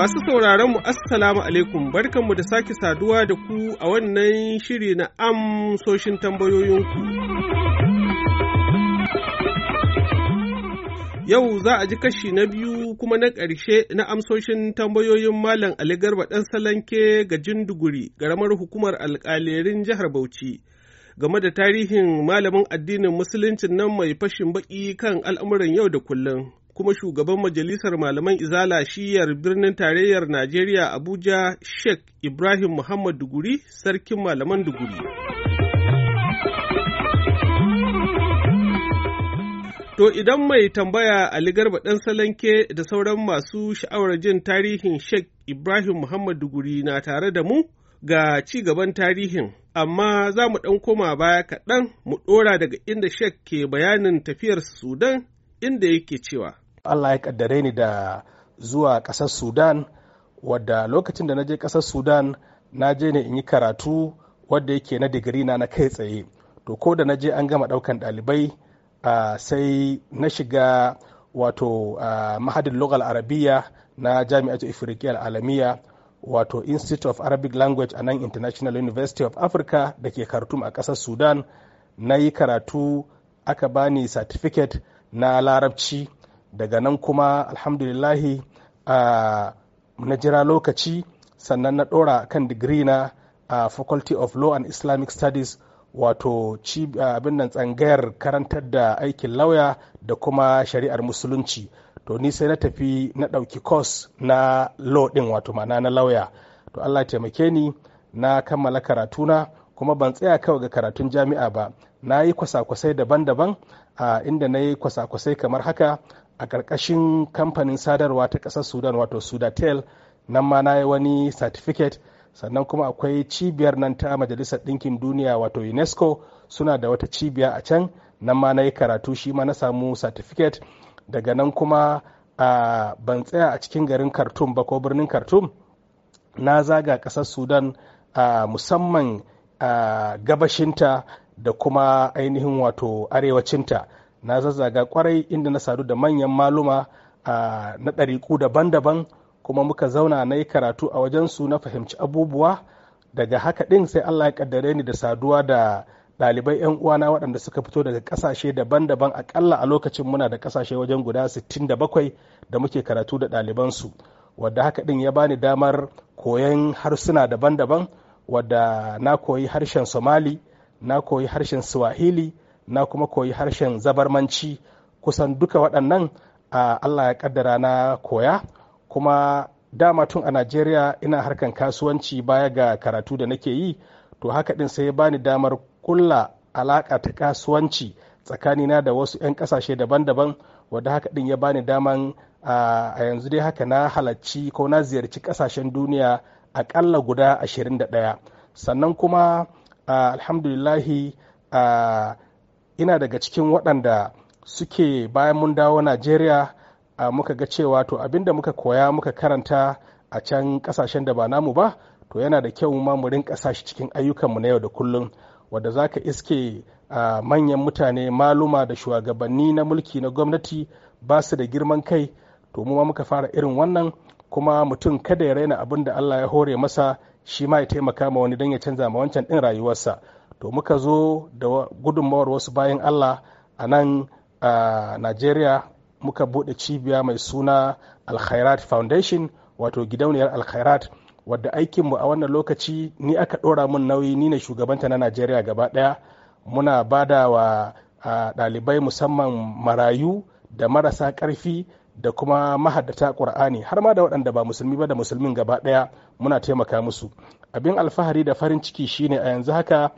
Masu sauraron mu Assalamu alaikum barkanmu da sake saduwa da ku a wannan shiri na amsoshin tambayoyinku. Yau za a ji kashi na biyu kuma na ƙarshe na amsoshin tambayoyin Malam Ali Garba ɗan Salanke ga Jinduguri, garamar hukumar alƙalerin jihar Bauchi. game da tarihin malamin addinin musuluncin nan mai fashin baki kan al'amuran yau da kullum. kuma shugaban majalisar malaman izala shiyar birnin tarayyar Najeriya Abuja Sheikh Ibrahim Muhammad Duguri sarkin malaman Duguri. To idan mai tambaya Ali Garba ɗan Salanke da sauran masu sha'awar jin tarihin Sheikh Ibrahim Muhammad Duguri na tare da mu ga ci gaban tarihin, amma za mu ɗan koma baya kaɗan mu ɗora daga inda Sheikh ke bayanin tafiyar Sudan inda yake cewa Allah ya kaddare ni da zuwa ƙasar Sudan wadda lokacin da na je ƙasar Sudan na je ne in yi karatu wadda yake na digiri na na kai tsaye to ko da na je an gama ɗaukan ɗalibai uh, sai na shiga wato mahadin logal arabiya na Jami'ar ifirikiyar alamiya wato institute of arabic language a nan international university of africa da ke khartoum a ƙasar sudan na yi karatu aka bani certificate na larabci daga nan kuma alhamdulillahi na jira lokaci sannan na ɗora kan digiri na a faculty of law and islamic studies wato abin nan tsangayar karantar da aikin lauya da kuma shari'ar musulunci to ni sai na tafi na ɗauki kos na law ɗin wato ma'ana na lauya to allah taimake ni na kammala karatuna kuma ban tsaya kawai ga karatun jami'a ba na yi kwasa-kwasai daban-daban a inda na yi kwasa-kwasai kamar haka a ƙarƙashin kamfanin sadarwa ta ƙasar sudan wato sudatel nan ma na yi wani certificate sannan kuma akwai cibiyar nan ta majalisar ɗinkin duniya wato unesco suna da wata cibiya a can nan ma na yi karatu shi ma na samu certificate daga nan kuma a ban tsaya a cikin garin khartoum ba ko birnin khartoum na zaga ƙasar sudan a musamman a gabashinta da kuma ainihin wato arewacinta na zazzaga kwarai inda na sadu da manyan maluma na ɗariƙu daban-daban kuma muka zauna na yi karatu a wajensu na fahimci abubuwa daga haka ɗin sai allah ya kaddare ni da saduwa da ɗalibai 'yan uwana waɗanda suka fito daga ƙasashe daban-daban aƙalla a lokacin muna da ƙasashe wajen guda 67 da muke karatu da ɗalibansu wadda haka ɗin ya bani damar koyon harsuna daban-daban wadda na koyi harshen somali na koyi harshen swahili na kuma koyi harshen zabarmanci kusan duka waɗannan allah ya kaddara na koya kuma dama tun a najeriya ina harkan kasuwanci baya ga karatu da nake yi to haka ɗin sai ya bani damar kulla alaƙa ta kasuwanci tsakanina da wasu 'yan ƙasashe daban-daban wadda haka ɗin ya bani daman a yanzu dai haka na halarci ko na ziyarci ƙasashen duniya aƙalla guda 21 sannan kuma alhamdulillahi ina daga cikin waɗanda suke bayan mun dawo najeriya muka ga cewa to abinda muka koya muka karanta a can ƙasashen da ba namu ba to yana da kyau ma mu rinka sashi cikin ayyukanmu na yau da kullum wadda za ka iske uh, manyan mutane maluma da shugabanni na mulki na gwamnati ba su da girman kai to mu ma muka fara irin wannan kuma mutum kada ya raina abin da Allah ya hore masa shi ma ya taimaka ma wani don ya canza ma wancan din rayuwarsa to muka zo da gudunmawar wasu bayan allah a nan a nigeria muka bude cibiya mai suna alkhairat foundation wato gidauniyar alkhairat wadda aikinmu a wannan lokaci ni aka ɗora mun nauyi ni ne shugabanta na nigeria gaba daya muna bada wa ɗalibai musamman marayu da marasa ƙarfi da kuma mahaddata ƙur'ani har ma da waɗanda ba musulmi ba da musulmin gaba ɗaya muna taimaka musu abin alfahari da farin ciki shine a yanzu haka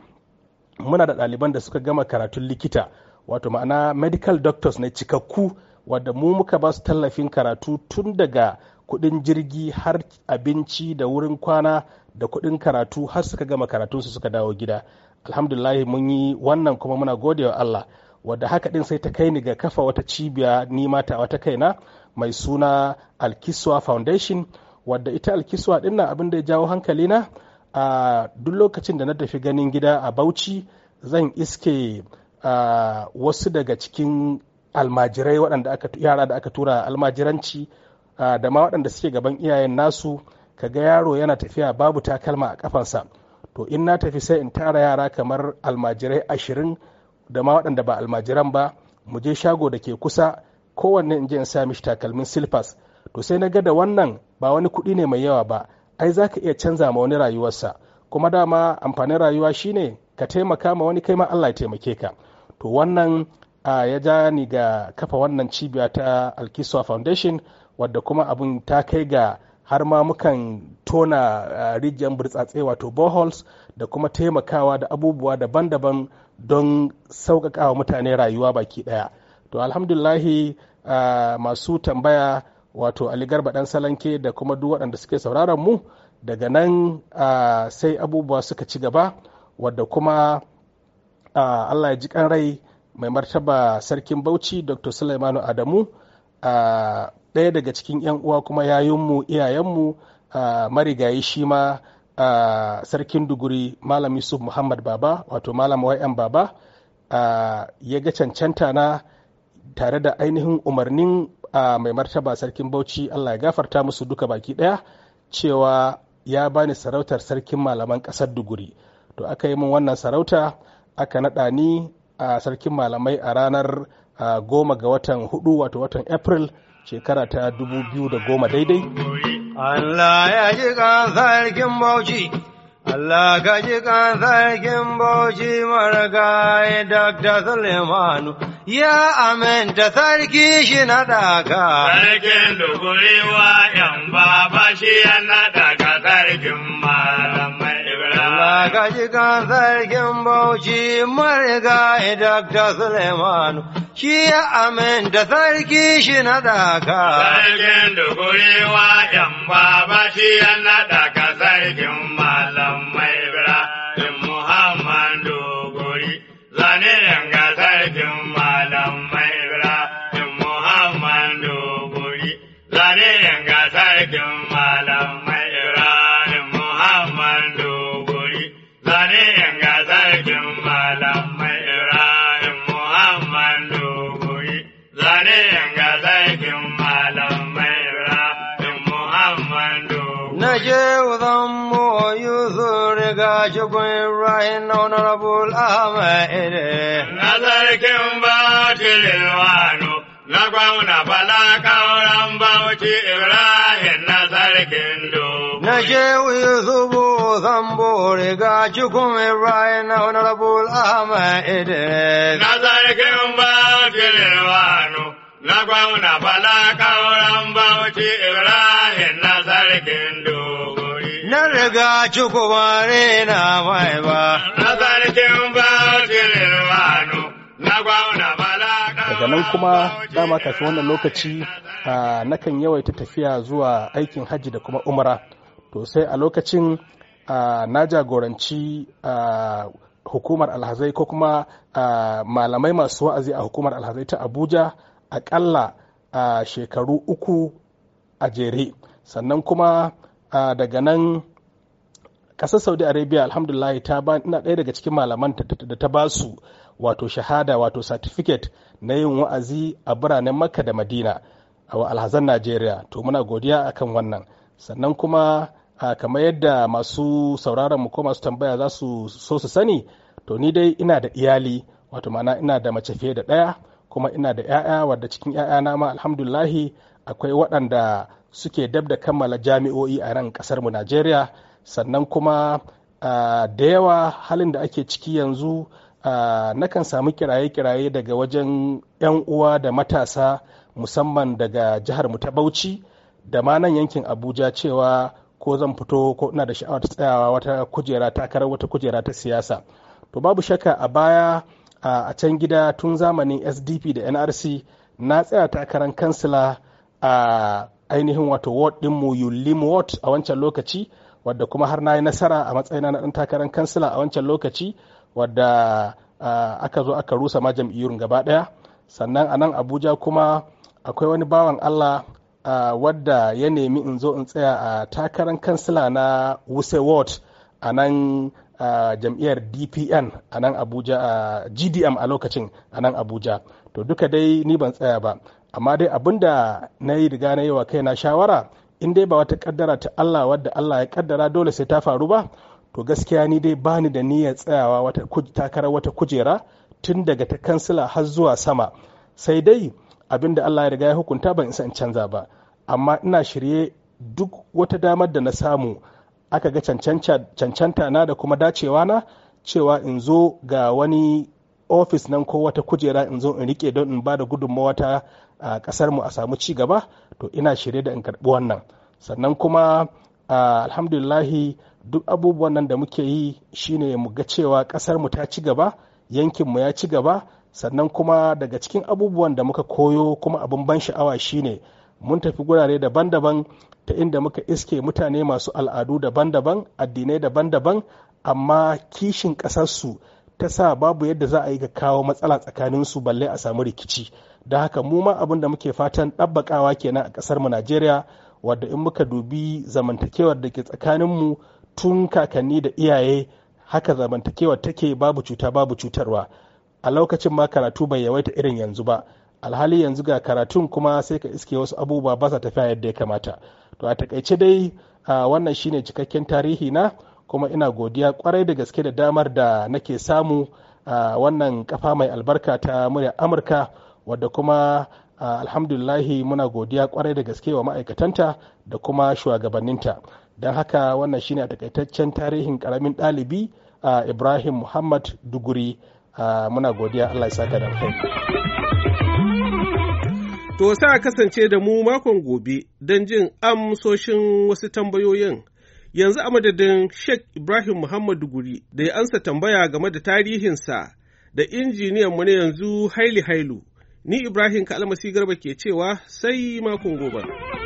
muna da ɗaliban da suka gama karatun likita wato ma'ana medical doctors na cikakku wadda mu muka ba su tallafin karatu tun daga kuɗin jirgi har abinci da wurin kwana da kuɗin karatu har suka gama karatunsu suka dawo gida alhamdulillah mun yi wannan kuma muna gode allah wadda haka din sai ta kai ni ga kafa wata cibiya nima ta wata kaina mai suna alkiswa foundation wadda ita alkiswa din na abin da ya jawo hankalina a duk lokacin da na tafi ganin gida a bauchi zan iske wasu daga cikin almajirai waɗanda yara da aka tura almajiranci da ma waɗanda suke gaban iyayen nasu ka ga yaro yana tafiya babu takalma a kafansa to in na tafi sai in tara yara kamar almajirai ashirin da ma waɗanda ba almajiran ba mu je shago da ke kusa kowanne in je in sa mishi takalmin silfas to sai na ga da wannan ba wani kuɗi ne mai yawa ba ai za ka iya canza ma wani rayuwarsa kuma dama amfanin rayuwa shine ka taimaka ma wani kai ma Allah ya taimake ka to wannan ya ja ni ga kafa wannan cibiya ta Alkiswa Foundation wadda kuma abin ta kai ga har ma mukan tona rijiyar burtsatse wato boreholes da kuma taimakawa da abubuwa daban-daban don sauƙaƙa wa mutane rayuwa baki ɗaya to alhamdulahi masu tambaya wato ali garba ɗan salanke da kuma duk waɗanda suke sauraron mu daga nan sai abubuwa suka ci gaba wadda kuma allah ya ji kan rai mai martaba sarkin bauchi dr sulaimanu adamu ɗaya daga cikin 'yan uwa kuma yayinmu iyayenmu marigayi shi ma a sarkin duguri malam yusuf muhammad baba wato malam wayan baba ya ga cancanta na tare da ainihin umarnin a mai martaba sarkin bauchi allah ya gafarta musu duka baki daya cewa ya bani sarautar sarkin malaman kasar duguri to aka yi min wannan sarauta aka naɗa ni a sarkin malamai a ranar goma ga watan hudu wato watan april shekara ta dubu biyu da goma daidai. Allah ya ji kan sarkin Bauchi, Allah ka ji kan sarkin Bauchi maragaye Dr. Suleimanu, ya aminta sarki shi na daga. Sarkin duguriwa ‘yan baba shi ya na ɗaka sarkin Allah ji kan sarkin bauchi mariga Dr. Suleimanu. Shi ya amin da sarki shi na daka. Sarkin dukurewa ‘yan baba shi ya na daka sarkin malam mai bira, Muhammadu guri, zane yanga sarkin Naje ga Na Nigerian more youth regard you going right honorable Ahmed. Nazar na Tililwano, Lagwana Balaka Rambauchi Ibrahim Nazar Kindo. Najewu Yusufu Zambo regard you going right honorable Ahmed. Nazar na Tililwano, Lagwana Balaka Rambauchi Ibrahim ga cukuwa rena ba. Na sarkin na Daga nan kuma dama kashi wannan lokaci nakan yawaita tafiya zuwa aikin hajji da kuma umara. To sai a lokacin na jagoranci hukumar alhazai ko kuma malamai masu wa'azi a hukumar alhazai ta Abuja akalla shekaru uku a jere. Sannan kuma daga nan kasar saudi arabia alhamdulillah ta ba ina ɗaya daga cikin malaman da ta basu wato shahada wato certificate na yin wa'azi a biranen makka da madina a alhazan najeriya to muna godiya akan wannan sannan kuma kamar yadda masu sauraron mu ko masu tambaya za su so su sani to ni dai ina da iyali wato ma'ana ina da mace fiye da ɗaya kuma ina da 'ya'ya wadda cikin 'ya'yana ma alhamdulahi akwai waɗanda suke dab da kammala jami'o'i a nan ƙasarmu mu najeriya sannan kuma da yawa halin da ake ciki yanzu nakan samu kiraye-kiraye daga wajen 'yan uwa da matasa musamman daga jihar mu ta bauchi da ma nan yankin abuja cewa ko zan fito ko ina da sha'awar tsayawa wata kujera takarar wata kujera ta siyasa to babu shakka a baya a can gida tun zamanin sdp da nrc na tsaya takarar kansila a ainihin wato ward mu yulim ward a wancan lokaci wadda kuma har na yi nasara a matsayina na ɗan takarar kansila a wancan lokaci wadda aka zo aka rusa ma jam'iyyun gaba ɗaya sannan a nan abuja kuma akwai wani bawan allah wadda ya nemi in zo in tsaya a takarar kansila na wuse ward a nan jam'iyyar dpn a nan abuja gdm a lokacin a nan abuja to duka dai ni ban tsaya ba amma dai abinda na yi riga na yi wa kaina shawara in dai ba wata kaddara ta Allah wadda Allah ya kaddara dole sai ta faru ba to gaskiya ni dai bani da niyyar tsayawa wata takarar wata kujera tun daga ta kansila har zuwa sama sai dai abinda Allah ya riga ya hukunta ban isa in canza ba amma ina shirye duk wata damar da na samu aka ga cancanta na da kuma dacewa na cewa in zo ga wani ofis nan ko wata kujera in zo in rike don in ba da gudunmawa ta a kasar mu a samu ci gaba to ina shirye da in karbi wannan sannan kuma alhamdulillahi duk abubuwan nan da muke yi shine mu ga cewa kasar mu ta ci gaba yankin mu ya ci gaba sannan kuma daga cikin abubuwan da muka koyo kuma abin ban sha'awa shine mun tafi gurare daban-daban ta inda muka iske mutane masu al'adu daban-daban addinai daban-daban amma kishin ƙasarsu ta sa babu yadda za a yi ga kawo matsala tsakaninsu balle a samu rikici da haka mu ma abin da muke fatan ɗabbakawa kenan a ƙasar mu najeriya wadda in muka dubi zamantakewar da ke tsakanin mu tun kakanni da iyaye haka zamantakewar take babu cuta babu cutarwa a lokacin ma karatu bai yawaita irin yanzu ba alhali yanzu ga karatun kuma sai ka iske wasu abubuwa ba sa tafiya yadda ya kamata to a takaice dai wannan shine cikakken tarihi na kuma ina godiya kwarai da gaske da damar da nake samu wannan kafa mai albarka ta murya amurka wadda kuma alhamdulillahi muna godiya kwarai da gaske wa ma'aikatanta da kuma shugabanninta don haka wannan shine a takaitaccen tarihin karamin ɗalibi ibrahim muhammad duguri muna godiya allah ya saka da To sa a kasance da mu makon gobe don jin amsoshin wasu tambayoyin. Yanzu a madadin Sheikh Ibrahim Muhammadu Duguri da ya ansa tambaya game da tarihinsa da injiniyanmu na yanzu Haili Hailu. Ni Ibrahim Kalmasi Garba ke cewa sai makon gobe.